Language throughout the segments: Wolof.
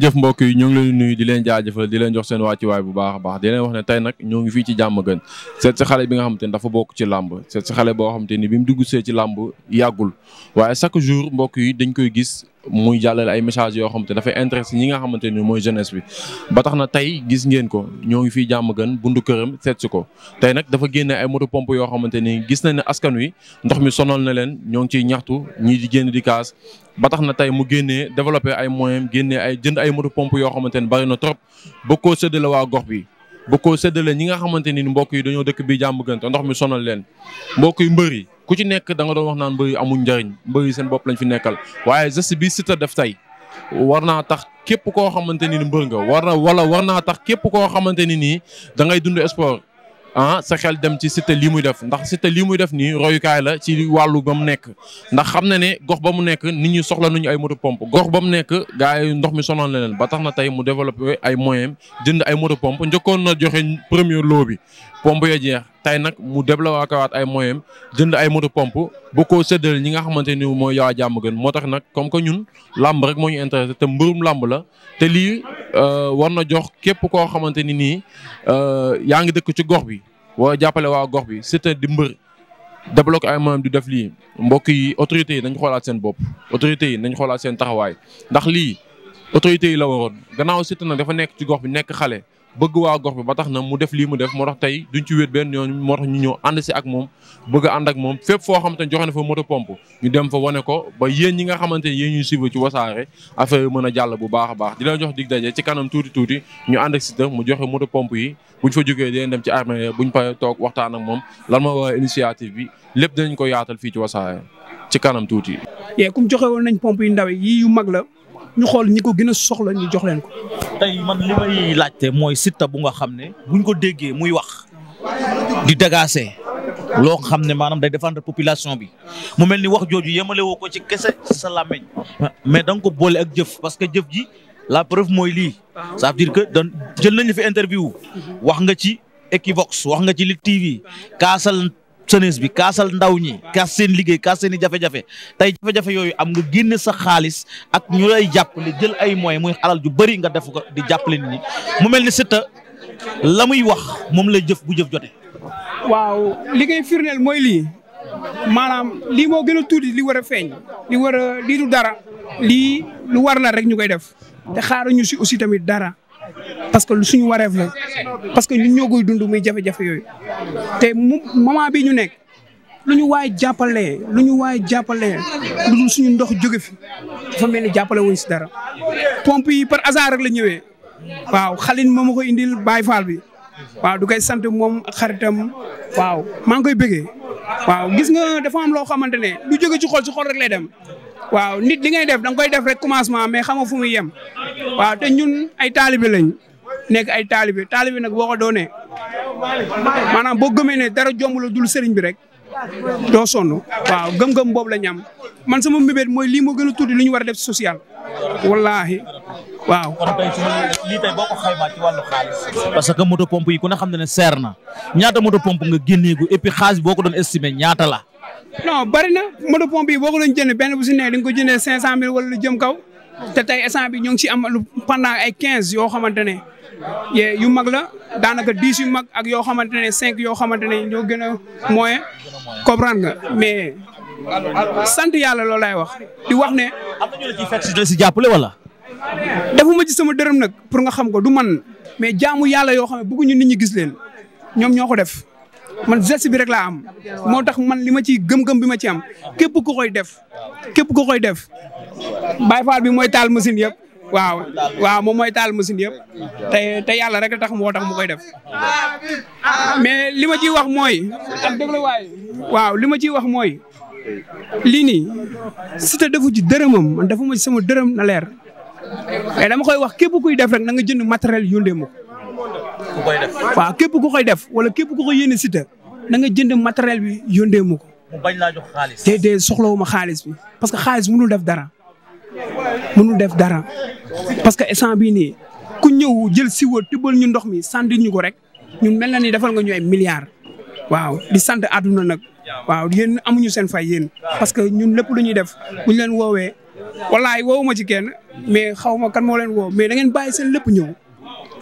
ngeen jëf mbokk yi ñoo ngi leen nuyu di leen jaajëfal di leen jox seen wàccuwaay bu baax a baax di leen wax ne tey nag ñoo ngi fii ci jàmm gën seet si xale bi nga xamante ni dafa bokk ci làmb seet si xale boo xamante ni bi mu dugg see ci làmb yàggul waaye chaque jour mbokk yi dañ koy gis muy jàllale ay messages yoo xam te dafay intéressé ñi nga xamante ni mooy jeunesse bi ba tax na tey gis ngeen ko ñoo ngi fii jàmm gën bundu këram seet ko tey nag dafa génne ay moto pompe yoo xamante ni gis nañ ne askan wi ndox mi sonal na leen ñoo ngi ciy ñaxtu ñii di génn di kaas ba tax na tey mu génnee développé ay moyen génne ay jënd ay moto pompe yoo xamante ni bari na trop ba koo séddale waa gox bi ba koo séddale ñi nga xamante ni mbokk yi dañoo dëkk bi jàmm gën ndox mi sonal leen mbokk yu ku ci nekk da nga doon wax naan mbëri amuñ njëriñ mbëri seen bopp lañ fi nekkal waaye geste bi Siteu def tey war naa tax képp koo xamante ni mbër nga war na wala war naa tax képp koo xamante ni nii da ngay dund sport ah sa xel dem ci Siteu lii muy def ndax Siteu lii muy def nii royukaay la ci wàllu ba mu nekk ndax xam na ne gox ba mu nekk nit ñi soxla nañu ay moto pompe gox ba mu nekk gars yi ndox mi sonal na leen ba tax na tey mu développé ay moyen jënd ay moto pompe njëkkoon na joxe premier lot bi pompe ya jeex tey nag mu débloquewaat ay moyens jënd ay moto pompe bu ko séddale ñi nga xamante ni mooy yaa jàmm gën moo tax nag comme que ñun làmb rek moo ñu intéressé te mbërum làmb la te lii euh, war na jox képp koo xamante ni nii euh, yaa ngi dëkk ci gox bi wala jàppale waa gox bi c'est di mbër débloqué ay moyens di def lii mbokk yi autorités yi nañ xoolaat seen bopp autorité yi nañ xoolaat seen taxawaay ndax lii autorités yi la waroon gannaaw Siteu nag dafa nekk ci gox bi nekk xale bëgg waa gox bi ba tax na mu def lii mu def moo tax tey duñ ci wéet benn yoon moo tax ñu ñëw ànd si ak moom bëgg a ak moom fépp foo xam ne joxe na fa moto pompe ñu dem fa wane ko ba yéen ñi nga xamante ne yéen ñuy suivre ci wasaare affaire yi mën a jàll bu baax a baax di leen jox dig daje ci kanam tuuti tuuti ñu ànd ak Siteu mu joxe moto pompe yi buñ fa jógee dinañ dem ci armée buñ paree toog waxtaan ak moom lan ma war initiative bi lépp dinañ ko yaatal fii ci wasaare ci kanam tuuti. comme joxe woon nañ pompe yu ndaw yi yu mag la ñu xool ñi ko gën a soxla ñu jox leen ko. tey man li may laajte mooy Siteu bu nga xam ne buñ ko déggee muy wax di dagaase loo xam ne maanaam day défendre population bi mu mel ni wax jooju yemale woo ko ci kese sa làmmiñ mais da ko boole ak jëf parce que jëf ji la preuve mooy lii ça veut dire que dan jël nañu fi interview wax nga ci Equivox wax nga ci li TV kaasal jeunesse bi kaasal ndaw ñi kaas seen liggéey kaas seen i jafe-jafe tey jafe-jafe yooyu am nga génne sa xaalis ak ñu lay jàpp li jël ay moyens muy alal ju bëri nga defu ko di jàppale nit ñi mu mel ni Siteu la muy wax moom lay jëf bu jëf jote waaw liggéey ngay mooy lii maanaam lii moo gën a tuuti li war a feeñ li war a lii dara lii lu war la rek ñu koy def te xaaruñu si aussi tamit dara parce que suñu wareef la parce que ñun ñoo koy dund muy jafe-jafe yooyu te mu moment bi ñu nekk lu ñu waay jàppalee lu ñu waay jàppalee lu dul suñu ndox jóge fi dafa mel ni jàppale si dara pompe yi par hasard la ñëwee waaw xalin moom ma ko indil Baye Fall bi waaw du koy sant moom xaritam waaw maa ngi koy bëggee waaw gis nga dafa am loo xamante ne lu jóge ci xol ci xol rek lay dem waaw nit li ngay def da nga koy def rek commencement mais xam nga fu muy yem waaw te ñun ay taalibe lañ nekk ay taalibe taalibe nag boo ko doonee maanaam boo gëmee ne dara jomb la dul sëriñ bi rek doo sonn waaw gëm-gëm boobu la ñu am man sama mbébét mooy lii moo gën a tuuti lu ñu war a def social wallaahi waaw. kon tey boo ko xaymaa ci parce que moto pompe yi ku ne xam na ne seer na ñaata moto pompe nga génneegu et puis xaalis boo ko doon estimé ñaata la. non bari na moto pompe yi boo ko doon jënd benn bu si nekk di nga ko jëndee 500000 wala lu jëm kaw. te tey instant bi ñu ngi ci amalu lu pendant ay quinze yoo xamante ne yu mag la daanaka dix yu mag ak yoo xamante ne cinq yoo xamante ne ñoo gën a moyen comprendre mais sant yàlla loolu lay wax di wax ne. am si si jàppale wala. defuma ci sama dërëm nag pour nga xam ko du man mais jaamu yàlla yoo xam ne bëgguñu nit ñi gis leen ñoom ñoo ko def. man geste bi rek laa am moo tax man li ma ciy gëm-gëm bi ma ci am képp ku koy def képp ku koy def Baye Fall bi mooy taal machine yëpp waaw waaw moom mooy taal machine yëpp te te yàlla rek tax moo tax mu koy def mais li ma ciy wax mooy ak waay waaw li ma ciy wax mooy lii nii Siteu defu ci dërëmam man defu ma ci sama dërëm na leer mais ma koy wax képp kuy def rek na nga jënd matériel yóndee ma ko ku koy def. waaw képp ku koy def wala képp ku ko yéene Siteu na nga jënd matériel bi yóndee mu ko. mu bañ laa jox xaalis. te de soxlawuma xaalis parce que xaalis mënul def dara mënul def dara parce que instant bii nii ku ñëw jël siwa tëbbal ñu ndox mi sànni ñu ko rek ñu mel na ni defal nga ñu ay milliards. waaw di sant àdduna nag waaw yéen amuñu seen fay yéen parce que ñun lépp lu ñuy def bu ñu leen woowee. wallaay woowu ma ci kenn mais xaw ma kan moo leen woo mais da ngeen bàyyi seen lépp ñëw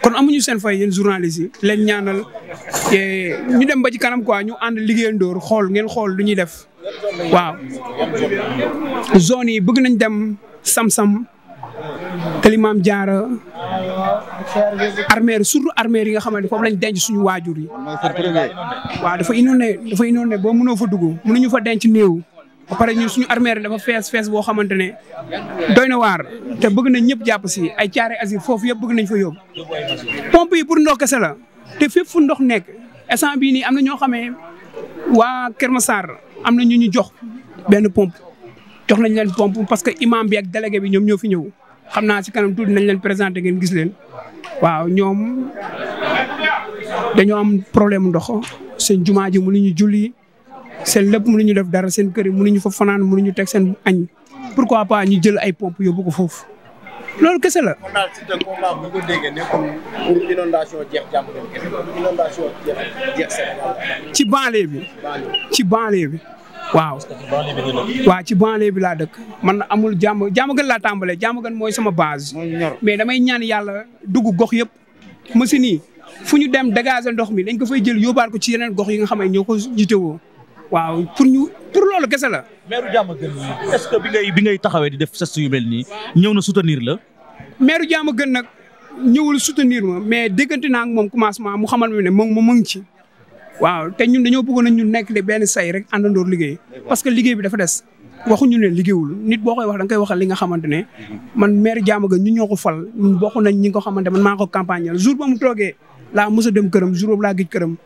kon amuñu seen fay yéen journalistes yi leen ñaanal eh, ñu dem ba ci kanam quoi ñu ànd liggéeyandoo xool ngeen xool lu ñuy def waaw. zone yi bëgg nañ dem Samsam Kalimaam Jaara armeer surtout armee yi nga xamante ne foofu lañ denc suñu waajur yi. waaw dafa inondé dafa inondé boo mënoo fa dugg mënuñu fa denc néew. ba pare ñun suñu armée dafa fees fees boo xamante ne doy na waar te bëgg nañ ñëpp jàpp si ay caare asile foofu yëpp bëgg nañ fa yóbbu. pompe yi pour ndox kese la te fépp fu ndox nekk instant bii nii am na ñoo xamee waa Kër Masar am na ñu ñu jox benn pompe jox nañ leen pompe parce que imam bi ak délégué bi ñoom ñoo fi ñëw xam naa si kanam tuuti nañ leen présenté ngeen gis leen waaw ñoom dañoo am problème ndox seen jumaa ji mënuñu julli seen lépp mënuñu def dara seen kër yi mënuñu fa fanaan mu mënuñu teg seen añ pourquoi pas ñu jël ay pompe yóbbu ko foofu loolu kese la. kon daal Siteu combat bu ko déggee nekkul ci banlieue bi. ci banlieue bi. waaw. waaw ci banlieue bi laa dëkk. man amul jàmm jàmm gën laa tàmbale jàmm gën mooy sama base. mais damay ñaan yàlla dugg gox yëpp. machine yi fu ñu dem dégager ndox mi dañ ko fay jël yóbbaal ko ci yeneen gox yi nga xam ne ñoo ko jitewoo waaw pour ñu pour loolu kese la. maire Diamaguène est-ce bi ngay bi taxawee di def geste yu mel nii ñëw na sutenir la. maire Diamaguène nag ñëwul soutenir ma mais déggante naa moom commencement mu xamal ma ne moom mu ngi ci. waaw te ñun dañoo bëggoon a ñun nekk de benn say rek àndandoor liggéey parce que liggéey bi dafa des. waxuñu ne liggéeyul nit boo koy wax da koy waxal li nga xamante ne man maire Diamaguène ñu ñoo ko fal ñun bokk nañ ñi nga xamante man maa ko campagne jour ba mu toogee laa mos dem këram jour boobu laa gij këram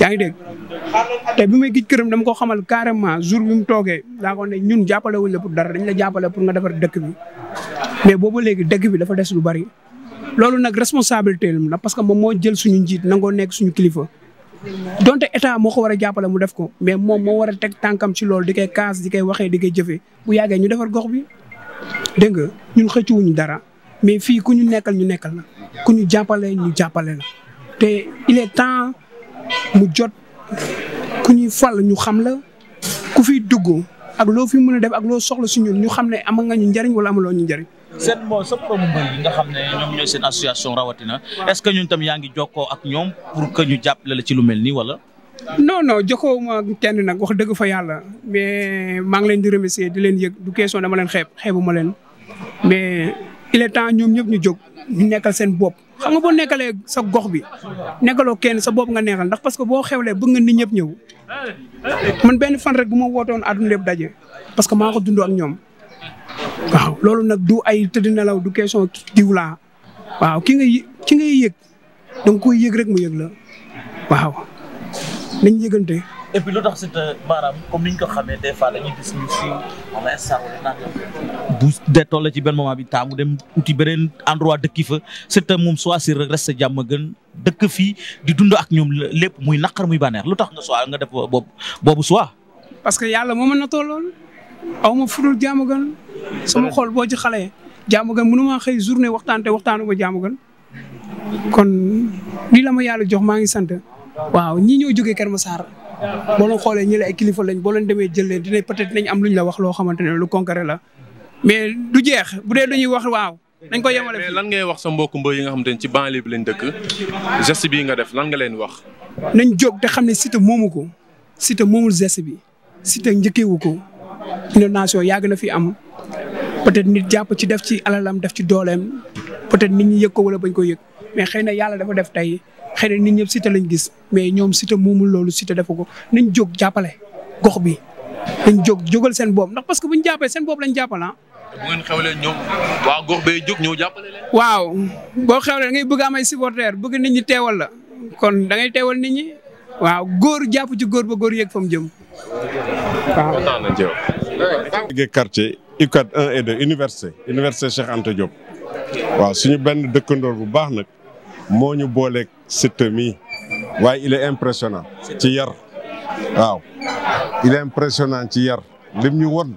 yaa ngi dégg te bi may gij këram dam ko xamal carrément jour bi mu toogee laa ko ne ñun jàppale wuñ la pour dara dañ la jàppale pour nga defar dëkk bi mais booba léegi dëkk bi dafa des lu bari loolu nag responsabilité la parce que moom moo jël suñu njiit nangoo nekk suñu kilifa donte état moo ko war a jàppale mu def ko mais moom moo war a teg tànkam loolu di koy kaas di koy waxee di koy jëfee bu yàggee ñu defar gox bi dégg nga ñun xëccuwuñu dara mais fii ku ñu nekkal ñu nekkal na ku ñu jàppale ñu jàppale la te il est temps mu jot ku ñuy fal ñu xam la ku fiy dugg ak loo fi mën a def ak loo soxla si ñun ñu xam ne am nga ñu njëriñ wala amuloo ñu njëriñ. seen moo sa promu nga xam ne ñoom ñooy seen association rawatina est-ce que ñun tam yaa ngi jokkoo ak ñoom pour que ñu jàppale la ci lu mel nii wala. non non jokkoowuma kenn nag wax dëgg fa yàlla mais maa ngi leen di remercier di leen yëg du question dama leen xeeb xeebuma leen il est temps ñoom ñëpp ñu jóg ñu nekkal seen bopp xam nga boo nekkalee sa gox bi nekkaloo kenn sa bopp nga neexal ndax parce que boo xewlee bëgg nga ni ñëpp ñëw man benn fan rek bu ma wootoon àdduna lépp daje parce que maa ko dundoo ak ñoom waaw loolu nag du ay tëdd nelaw du question diw laa waaw ki nga ki ngay yëg da nga rek mu yëg la waaw nañ yëgante et puis lu tax Siteu maanaam comme ko xamee des fois dañuy gis ñu siiw bu dee ci benn moment bi taamu dem uti beneen endroit dëkki fa Siteu moom choisir rek reste jàmm gën dëkk fii di dund ak ñoom lépp muy naqar muy baneex lu tax nga soi nga def boobu boobu soi. parce que yàlla moo mën na tolloon aw ma fudul jàmm gën sama xol boo ci xale jàmm gën mënu xëy journée waxtaan te waxtaanu ba jàmm kon lii la ma yàlla jox maa ngi sant waaw ñii ñoo jógee Kër Massar boo leen xoolee ñu la ay kilifa lañ boo leen demee jël leen dinañ peut-être nañ am lu ñu la wax loo xamante ne lu concret la mais du jeex bu dee dañuy wax waaw. nañ ko yemale mais wax sa mbokku yi nga xamante ne ci banlieue bi lañ dëkk geste bii nga def lan nga leen wax. nañ jóg te xam ne Siteu moomu ko Siteu moomul geste bi Siteu njëkkeewu ko inondation yàgg na fi am peut-être nit jàpp ci def ci alalam def ci dooleem peut-être nit ñi yëg ko wala bañ ko yëg mais xëy na yàlla dafa def tey xëy na nit ñëpp Siteu lañ gis mais ñoom Siteu moomul loolu Siteu defu ko nañ jóg jàppale gox bi nañ jóg jógal seen bopp ndax parce que buñ jàppee seen bopp lañ jàppale ah. bu ngeen xewlee ñoom ñëw jàppale waaw boo xewlee da ngay bëgg am ay supporters bëgg nit ñi teewal la kon da ngay teewal nit ñi waaw góor jàpp ci góor ba góor yeeg fa mu jëm. waaw kontaan nañ ci yow. quartier UCAD 1 et suñu benn dëkkandoor bu baax nag moo ñu booleeg Siteu mii waaye il est impressionnant ci yar waaw il est impressionnant ci yar lim ñu won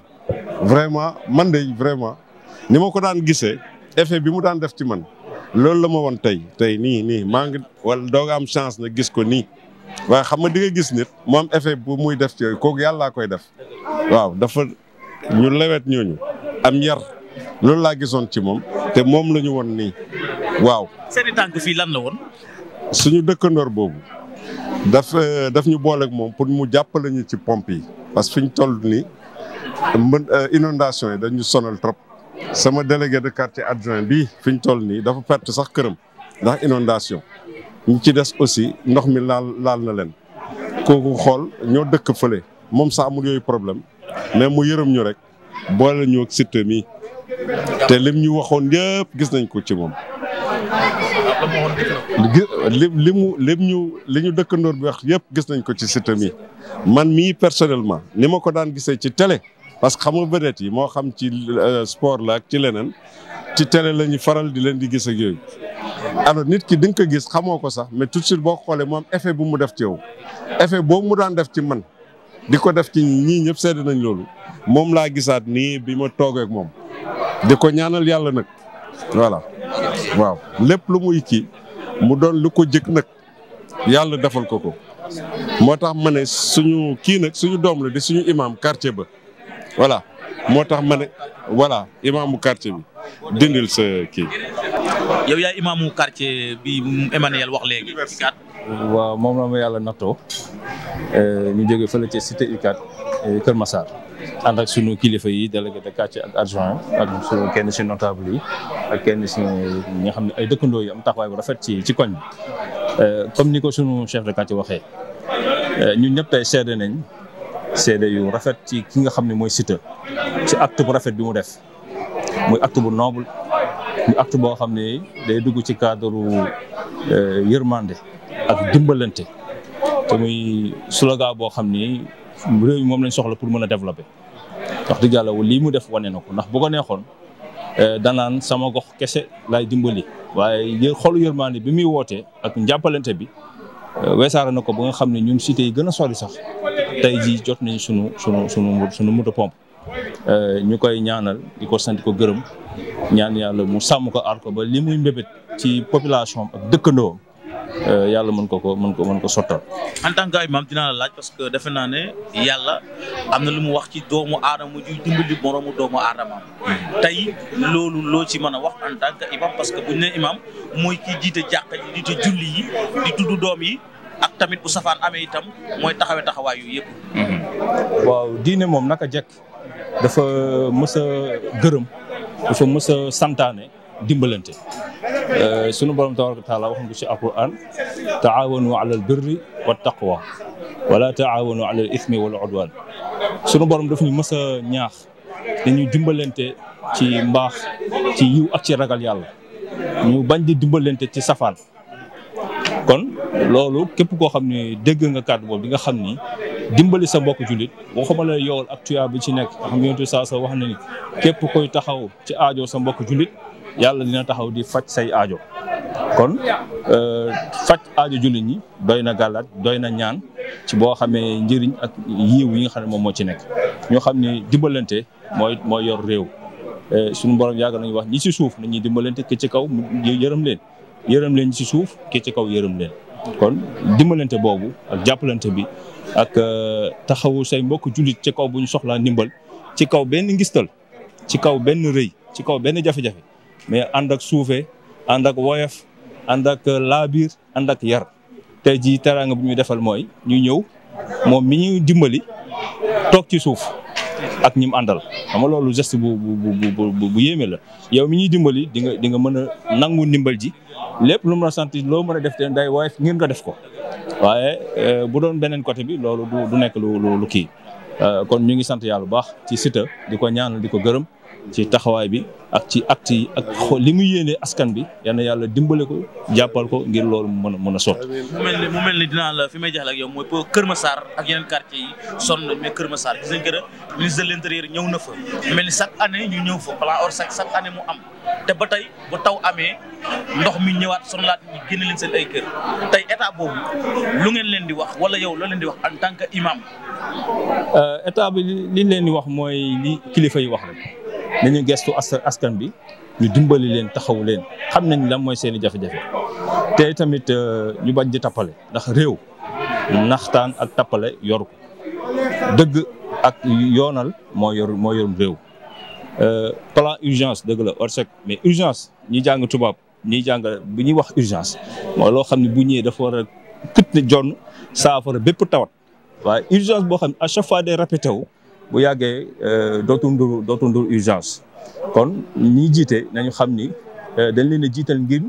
vraiment man de vraiment ni ma ko daan gisee effet bi mu daan def ci man loolu la ma won tey tey nii nii maa ngi wala dooga am chance na gis ko nii waaye xam nga di nga gis nit moom am effet bu muy def ci kooku yàllaa koy def waaw dafa ñu lewet ñooñu am yar loolu laa gisoon ci moom te moom la ñu won nii waaw. seen i fii lan la woon. suñu dëkkandoor boobu daf euh, daf ñu booleeg moom pour mu jàppale ñu ci pompe yi parce que fi ñu toll nii mën euh, inondation yi dañu sonal trop. sama délégué de quartier adjoint bi fi ñu toll nii dafa perte sax këram ndax inondation ñu ci des aussi ndox mi laal laal na leen kooku xool ñoo dëkk fële moom sax amul yooyu problème mais mu yërëm ñu rek boole ñu ak Siteu te lim ñu waxoon yëpp gis nañ ko ci moom. li li mu lim ñu li ñu dëkkandoor bi wax yëpp gis nañ ko ci Siteu man mii personnellement ni ma ko daan gisee ci télé parce que xamoo nga vedette yi moo xam ci euh, sport la ak ci leneen ci télé la ñu faral di leen di gis ak yooyu. alors nit ki di ko gis xamoo ko sax mais tout de boo xoolee moom effet bu mu def ci yow effet boobu mu daan def ci man di ko def ci ñii ñëpp sedd nañ loolu moom laa gisaat nii bi ma toogee moom di ko ñaanal yàlla nag voilà. waaw lépp lu muy kii mu doon lu ko jëkk nag yàlla defal ko ko moo tax ma ne suñu kii nag suñu doom la di suñu imam quartier ba voilà moo tax ma ne voilà imaamu quartier bi dindil sa kii. yow yaay imaamu quartier bi Emmanuel wax léegi. waaw moom la ma yàlla nattoo eh, ñu jóge fële ca cité UCAD eh, Kër Massar. ànd ak sunu kilifa yi délégué de quartier ak adjoint ak sunu kenn si notable yi ak kenn si ñi nga xam ne ay dëkkandoo yi am taxawaay bu rafet ci ci koñ bi euh, comme ni ko sunu chef de quartier waxee euh, ñun ñëpp tey seede nañ seede yu rafet ci ki nga xam ne mooy Siteu ci acte bu rafet bi mu def muy acte bu noble muy acte boo xam ne day dugg ci cadre euh, yërmande ak dimbalante te muy slogan boo xam ni réew mi moom lañ soxla pour mën a développer wax dëgg yàlla lii mu def wane na ko ndax bu ko neexoon eh, danaan sama gox kese laay dimbali waaye yë xolu yërmaande bi muy wootee ak njàppalante bi eh, weesaara na ko ba nga xam ne ñun cité yi gën a sori sax tey jii jot nañ sunu sunu sunu sunu moto pompe eh, ñu koy ñaanal di ko santi ko gërëm ñaan yàlla mu sàmm ko aar ko ba li muy mbébét ci population ak dëkkandoo Euh, yàlla mën ko ko mën ko mën ko sottal. en tant que ay maam dinaa la laaj parce que defe naa ne yàlla am na lu mu wax ci doomu aadama ju dimbali moroomu doomu aadama tey loolu loo ci mën a wax en tant que imam parce que buñ ne imam mooy kii jiite jàkka ji jiite julli yi di tudd doom yi ak tamit bu safaan amee itam mooy taxawee taxawaay yu yëpp. Mhm. waaw diine moom naka jekk dafa mës gërëm dafa mës santaane. dimbalante euh, sunu borom tabaraka wa taala wax na ko ci alquran taawanu ala al birri wa taqwa wala taawanu al ithmi wal udwan sunu borom daf ñu mës a ñaax dañuy dimbalante ci mbaax ci yiw ak ci ragal yàlla ñu bañ di dimbalante ci safaan kon loolu képp koo xam ne dégg nga kàddu boobu di nga xam ni dimbali sa mbokk jullit waxuma la yowal ak tuyaa ci nekk nga xam saa sa wax na ni képp koy taxaw ci aajo sa mbokk jullit yàlla dina taxaw di faj say ajo kon euh, faj aajo jullit ñi doy na gàllaat doy na ñaan ci boo xamee njëriñ ak yiiw yi nga xam ne moom moo ci nekk ñoo xam ne dimbalante mooy mooy yor réew euh, suñu borom yàgg nañu wax ñi si suuf nañuy dimbalente ki ci kaw yërëm leen yërëm leen si suuf ki ci kaw yërëm leen kon dimbalante boobu ak jàppalante bi ak euh, taxawu say mbokk jullit ci kaw bu ñu soxlaa ndimbal ci kaw benn ngistal ci kaw benn rëy ci kaw benn jafe-jafe mais ànd ak suufee ànd ak woyof ànd ak euh, laabiir ànd ak yar tey jii teraanga bu ñu defal mooy ñu ñëw moom mi ñu dimbali toog ci suuf ak ñi mu àndal xam loolu gest bu bu bu yéeme la yow mi ñuy dimbali di nga di nga mën a nangu ndimbal ji lépp lu mën a santi loo mën a def te day woyof ngeen nga def ko waaye euh, bu doon beneen côté bi loolu du nekk lu lu kii euh, kon ñu ngi sant yàlla bu baax ci sita di ko ñaanal di ko gërëm. ci taxawaay bi ak ci acte yi ak li mu yéene askan bi yal yàlla dimbale ko jàppal ko ngir loolu mu mën a mën a sotti. mu mel ni mu mel ni dinaa la fi may jaxle ak yow mooy pour Kër saar ak yeneen quartier yi sonn nañ mais Kër Massar gis nañ que ministre de l'intérieur ñëw na fa mel ni chaque année ñu ñëw fa plan ORSEC chaque année mu am te ba tey bu taw amee ndox mi ñëwaat sonlaat ñi génne leen seen ay kër tey état boobu lu ngeen leen di wax wala yow loo leen di wax en tant que imam. Euh, état bi li leen di wax mooy li kilifa yi wax rek. nañu gestu askan bi ñu dimbali leen taxawu leen xam nañ lan mooy seen i jafe-jafe te tamit euh, ñu bañ di tappale ndax réew naxtaan ak tappale yoru dëgg ak yoonal moo yor moo yorum réew euh, plan urgence dëgg la orsec mais urgence ñi jàng tubaab ñi jàng bu ñuy wax urgence mooy loo xam ne bu ñëwee dafa war a kut ne saafara bépp tawat waaye urgence boo xam ne à chaque fois day répété wu bu yàggee euh, dootul nduru dootul nduru urgence kon ñi jiite nañu xam ni euh, dañ leen a jiital ngir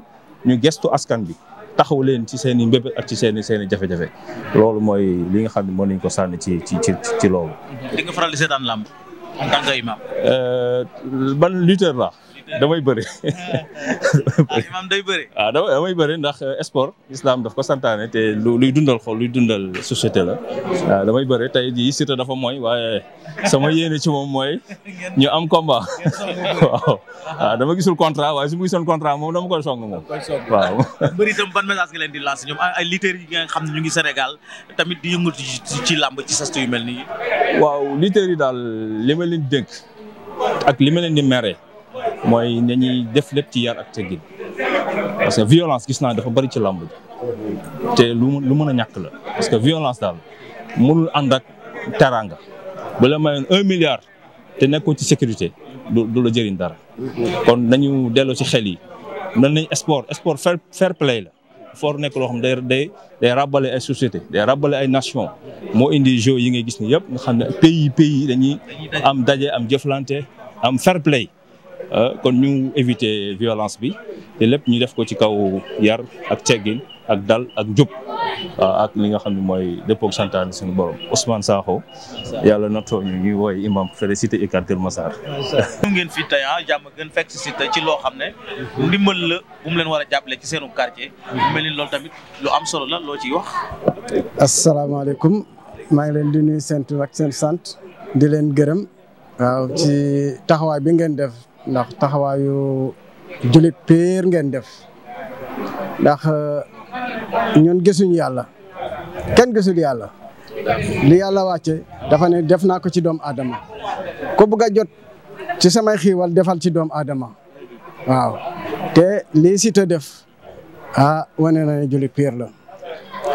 ñu gestu askan bi taxaw leen ci seen i mbébét ak ci seen i seen jafe-jafe loolu mooy li nga xam ne mën nañ ko sànni ci ci ci ci loolu. di nga faral di seetaan làmb euh, la damay bëri. Ah, day bëri. waaw ah, damay bëri ndax euh, sport islam daf ko santaane te luy dundal xol luy dundal société la waaw ah, damay bëri tey jii Siteu dafa mooy waaye sama yéene ci moom mooy ñu am combat waaw waaw dama gisul contrat waaye su ma gisoon contrat moom dama koy song moom. waaw. bëri leen di lancer ñoom ay lutteurs yi nga xam ne ñu ngi Sénégal tamit di yëngatu ci làmb ci sas yu mel nii. waaw lutteurs yi daal li ma ak li ma leen di meree. mooy nañuy def lépp ci yar ak teggin parce que violence gis naa dafa bari ci làmb ji te lu lu mën a ñàkk la parce que violence daal mënul ànd ak teraanga bu la un milliard te nekkoo ci sécurité du du la jëriñ dara. kon nañu delloo ci xel yi mel nañ sport sport fair fair play la. foor nekk loo xam day day day rabale ay société day rabale ay nation moo indi jeux yi ngay gis ni yëpp nga xam ne pays pays dañuy am daje am jëflante am fair play. Euh, kon ñu éviter violence bi te lépp ñu def ko ci kaw yar ak teggin ak dal ak njub ak li nga xam ne mooy dëppoog santaane suñu borom Ousmane Sakho yàlla nattoo ñu ñuy wooy imam félicité Icad Kër Massar ñu ngeen fi tey ah jàmm gën fekk si tey ci loo xam ne ndimbal la bu mu leen war a jàppale ci seenu quartier mel ni tamit lu am solo la loo ciy wax asalaamaaleykum maa ngi leen di nuyu seen tur seen sant di leen gërëm waaw ci taxawaay bi ngeen def ndax taxawaayu jullit péer ngeen def ndax euh, ñun gisuñu yàlla kenn gisul yàlla li yàlla wàcce dafa ne def naa ko ci doomu aadama ko bëgg a jot ci samay xiiwal defal ci doomu aadama waaw te lii si def ah wane na ne jullit péer la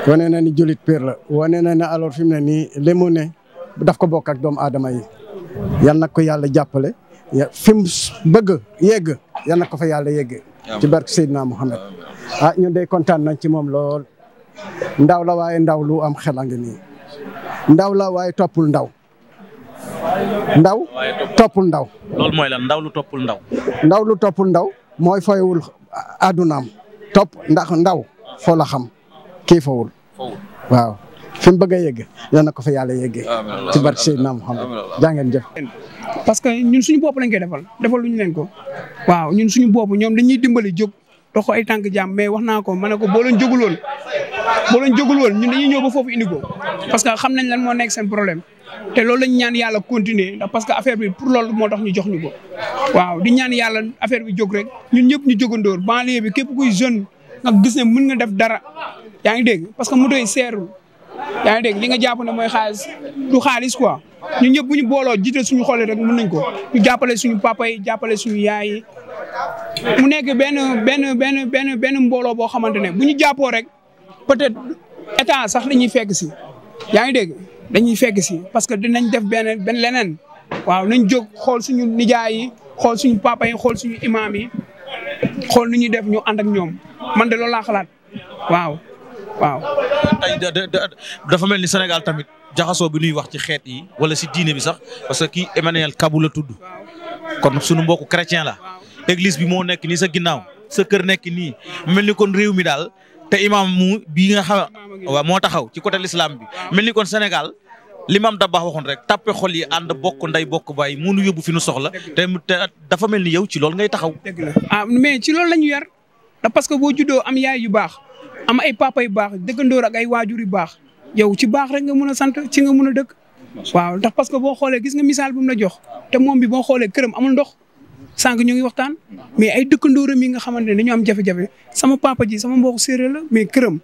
wane na ni jullit la wane na ne alors fi mu ne nii li ne daf ko bokk doomu aadama yi yal na ko yàlla jàppale fi mu bëgg yegg yal na ko fa yàlla yeggee. ci barke Seydina Mohamed. ah ñun day kontaan nañ ci moom lool. ndaw la waaye ndaw lu am xel nii. ndaw la waaye toppul ndaw. ndaw toppul ndaw. mooy lan ndaw lu toppul ndaw. ndaw lu toppul ndaw mooy foywul àddunaam topp ndax ndaw foo la xam kii fowul waaw fi bëgg a yegg yal na ko fa yàlla yeggee. ci barke Seydina Mohamed jaa ngeen parce que ñun suñu bopp lañ koy defal defal luñu leen ko waaw ñun suñu bopp ñoom ñuy dimbali jóg dox ko ay tànk jàmm mais wax naa ko ma ne ko boo leen jógul woon boo ñun dañuy ñëw ba foofu indi ko parce que xam nañ lan moo nekk seen problème te lañ ñaan yàlla continuer parce que affaire bi pour loolu moo tax ñu jox ñu ko waaw di ñaan yàlla affaire bi jóg rek ñun ñëpp ñu jógandóor banlieue bi képp kuy jeune nga gis ne mun nga def dara yaa ngi dégg parce que moto yi seerul yaa ngi dégg li nga jàpp ne mooy xaalis du xaalis quoi ñun ñëpp bu ñu booloo jiite suñu xol rek mën nañ ko ñu jàppale suñu papa yi jàppale suñu yaay yi mu nekk benn benn benn benn benn mbooloo boo xamante ne bu ñu jàppoo rek peut-être état sax dañuy fekk si yaa ngi dégg dañuy fekk si parce que dinañ def benn benn leneen waaw nañ jóg xool suñu nijaay yi xool suñu papa yi xool suñu imaam yi xool nu ñuy def ñu ànd ak ñoom man de loolu laa xalaat waaw. waaw. tey dafa mel ni Sénégal tamit jaxasoo bi ñuy wax ci xeet yi wala si diine bi sax parce que kii Emmanuel Kabou la tudd kon sunu mbokku chrétien la église bi moo nekk nii sa ginnaaw sa kër nekk nii mel ni kon réew mi daal te imaam mu bii nga xam waaw moo taxaw ci côté l'islam bi mel ni kon Sénégal. li maam Dabax waxoon rek tàppe xol yi ànd bokk nday bokk bàyyi munu yóbbu fi nu soxla te dafa mel ni yow ci lool ngay taxaw. dëgg ah, ci loolu la yar parce que boo juddoo am ay papa yu baax dëkkandoor ak ay waajur yu baax yow ci baax rek nga mën a sant ci nga mun a dëkk. waaw ndax parce que boo xoolee gis nga misaal bu na la jox te moom bi boo xoolee këram amul ndox sànq ñu ngi waxtaan mais ay dëkkandooram yi nga xamante ne dañoo am jafe-jafe sama ji sama mbokk séeréer la mais këram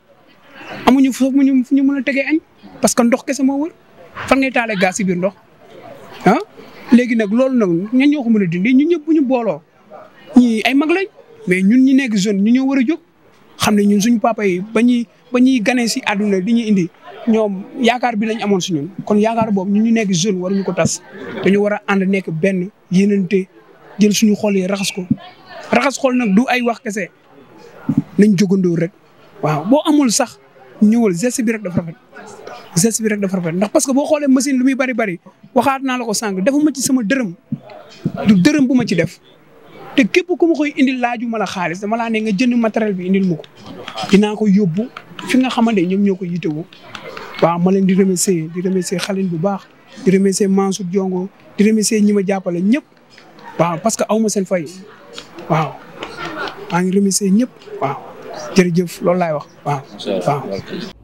amuñu foofu ñu ñu mën a tegee añ parce que ndox kese moo wër fan ngay taalee gaz si biir ndox ah. léegi nag loolu nag ñan ñoo ko mën a dindi ñun ñëpp bu ñu booloo ñii ay mag lañ mais ñun ñu nekk jeune ñu ñoo war a jóg xam na ñun suñu papa ba ñuy ba ñuy ganee si àdduna di ñu indi ñoom yaakaar bi nañ amoon si ñun kon yaakaar boobu ñu ñu nekk jeune waruñu ko tas dañu war a ànd nekk benn yéenante jël suñu xol yi raxas ko raxas xol nag du ay wax kese nañ jogandoo rek waaw boo amul sax ñëwal geste bi rek dafa rafet geste bi rek rafet ndax parce que boo xoolee machine lu muy bari bari waxaat naa la ko sànq defuma ci sama dërëm du dërëm bu ma ci def te képp ku ma koy indil laaju ma la xaalis dama laa ne nga jënd matériel bi indil ma ko dinaa ko yóbbu fi nga xamante ñoom ñoo ko wu waaw ma leen di remercier di remercier Xaline bu baax di remercier Mansour Diongo di remercier ñi ma jàppale ñëpp waaw parce que awma ma seen fay waaw maa ngi remercier ñëpp waaw jërëjëf loolu laay wax waaw waaw